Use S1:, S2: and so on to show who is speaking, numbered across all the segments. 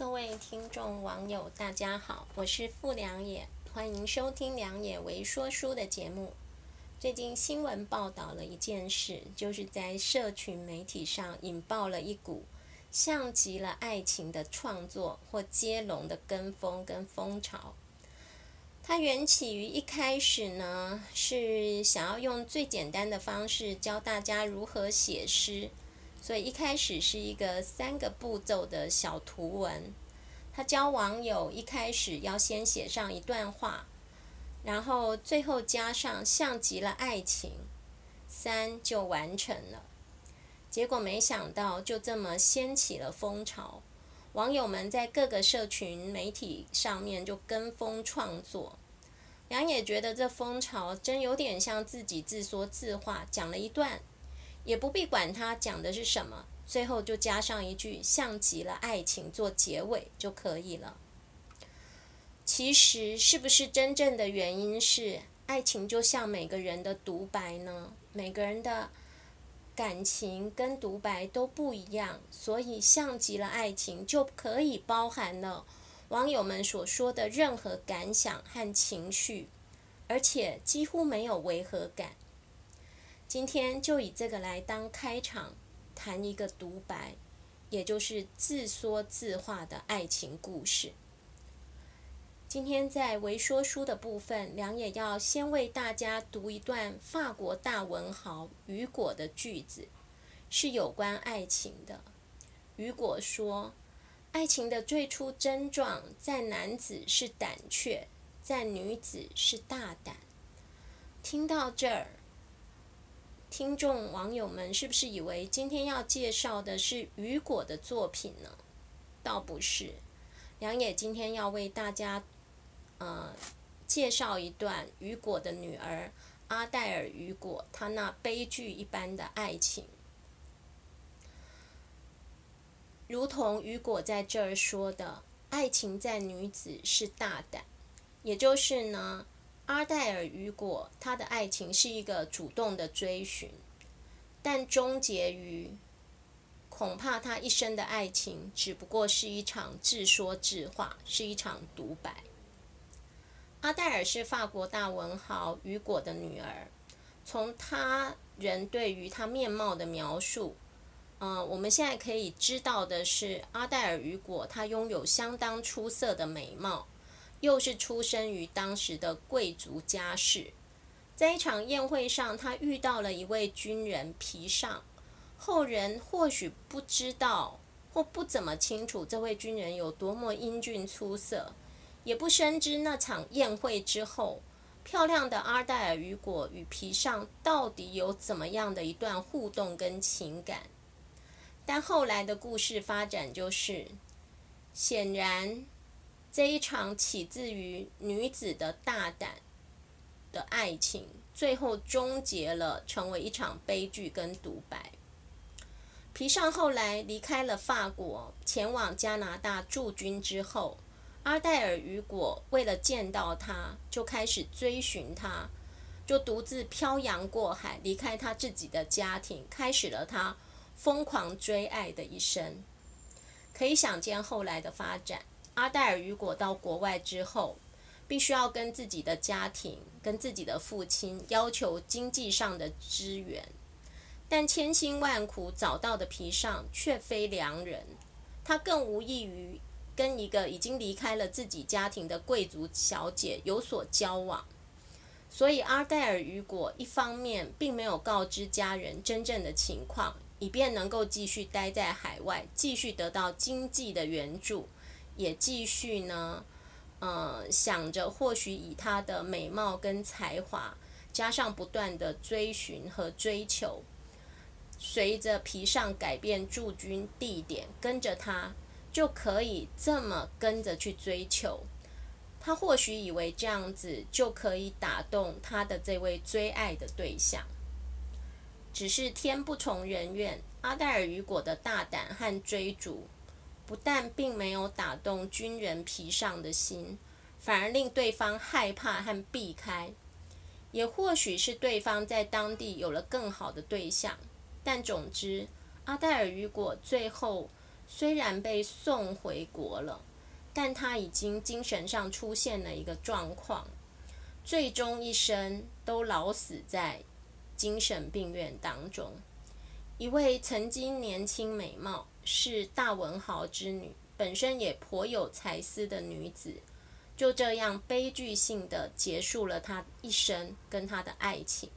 S1: 各位聽眾網友，大家好，我是傅良也，歡迎收聽良也微說書的節目。最近新聞報道了一件事，就是在社群媒體上引爆了一股像極了愛情的創作或接龍的跟風跟風潮。它源起於一開始呢，是想要用最簡單的方式教大家如何寫詩。所以一開始是一個三個步驟的小圖文，他教網友一開始要先寫上一段話，然後最後加上“像極了愛情”，三就完成了。結果沒想到就這麼掀起了風潮，網友們在各個社群媒體上面就跟風創作。良也覺得這風潮真有點像自己自說自話，講了一段。也不必管他講的是什麼，最後就加上一句“像極了愛情”做結尾就可以了。其實，是不是真正的原因是愛情就像每個人的獨白呢？每個人的感情跟獨白都不一樣，所以像極了愛情就可以包含了網友們所說的任何感想和情緒，而且幾乎沒有違和感。今天就以這個來當開場，談一個獨白，也就是自說自話的愛情故事。今天在微說書的部分，良也要先為大家讀一段法國大文豪雨果的句子，是有關愛情的。雨果說：“愛情的最初症狀，在男子是膽怯，在女子是大膽。”聽到這兒。聽眾網友們是不是以為今天要介紹的是雨果的作品呢？倒不是，良也今天要為大家，呃，介紹一段雨果的女兒阿黛爾·雨果，她那悲劇一般的愛情，如同雨果在這兒說的，愛情在女子是大膽，也就是呢。阿黛爾·雨果，她的愛情是一個主動的追尋，但終結於，恐怕她一生的愛情只不過是一場自說自話，是一場獨白。阿黛爾是法國大文豪雨果的女兒，從他人對於她面貌的描述，呃，我們現在可以知道的是，阿黛爾·雨果她擁有相當出色的美貌。又是出生於當時的貴族家世，在一場宴會上，他遇到了一位軍人皮尚。後人或許不知道，或不怎麼清楚這位軍人有多麼英俊出色，也不深知那場宴會之後，漂亮的阿黛爾·雨果與皮尚到底有怎麼樣的一段互動跟情感。但後來的故事發展就是，顯然，這一場起自於女子的大膽的愛情，最後終結了，成為一場悲劇跟獨白。皮尚後來離開了法國，前往加拿大駐軍之後，阿黛爾·雨果為了見到他，就開始追尋他，就獨自漂洋過海，離開他自己的家庭，開始了他瘋狂追愛的一生。可以想見後來的發展。阿黛爾·雨果到國外之後，必須要跟自己的家庭、跟自己的父親要求經濟上的支援，但千辛萬苦找到的皮尚卻非良人，他更無意於跟一個已經離開了自己家庭的貴族小姐有所交往。所以，阿黛爾·雨果一方面並沒有告知家人真正的情況，以便能夠繼續待在海外，繼續得到經濟的援助。也繼續呢，呃，想着或許以他的美貌跟才華，加上不斷的追尋和追求，隨着皮尚改變駐軍地點，跟着他就可以這麼跟着去追求。他或許以為這樣子就可以打動他的這位追愛的對象，只是天不從人願，阿黛爾雨果的大膽和追逐。不但並沒有打動軍人皮尚的心，反而令對方害怕和避開。也或許是對方在當地有了更好的對象，但總之，阿黛爾雨果最後雖然被送回國了，但她已經精神上出現了一個狀況，最終一生都老死在精神病院當中。一位曾經年輕美貌。是大文豪之女，本身也頗有才思的女子，就這樣悲劇性地結束了她一生跟她的愛情。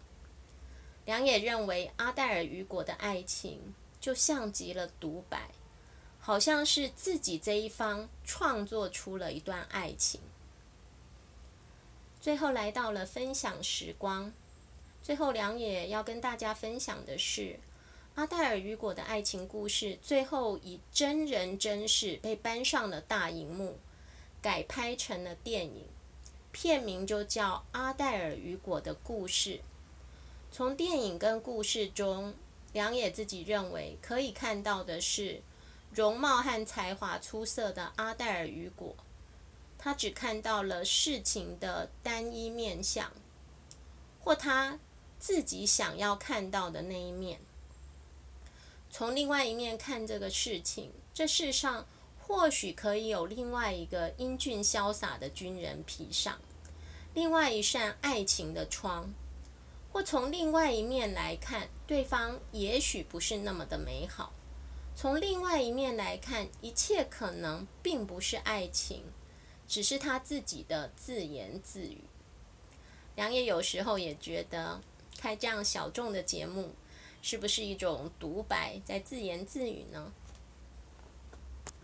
S1: 良也認為阿黛爾·雨果的愛情就像極了獨白，好像是自己這一方創作出了一段愛情。最後來到了分享時光，最後良也要跟大家分享的是。阿黛爾·雨果的愛情故事，最後以真人真事被搬上了大熒幕，改拍成了電影，片名就叫《阿黛爾·雨果的故事》。從電影跟故事中，良也自己認為可以看到的是，容貌和才華出色的阿黛爾·雨果，他只看到了事情的單一面相，或他自己想要看到的那一面。從另外一面看這個事情，這世上或許可以有另外一個英俊瀟灑的軍人皮尚，另外一扇愛情的窗，或從另外一面來看，對方也許不是那麼的美好。從另外一面來看，一切可能並不是愛情，只是她自己的自言自語。良也有時候也覺得開這樣小眾的節目，是不是一種獨白，在自言自語呢？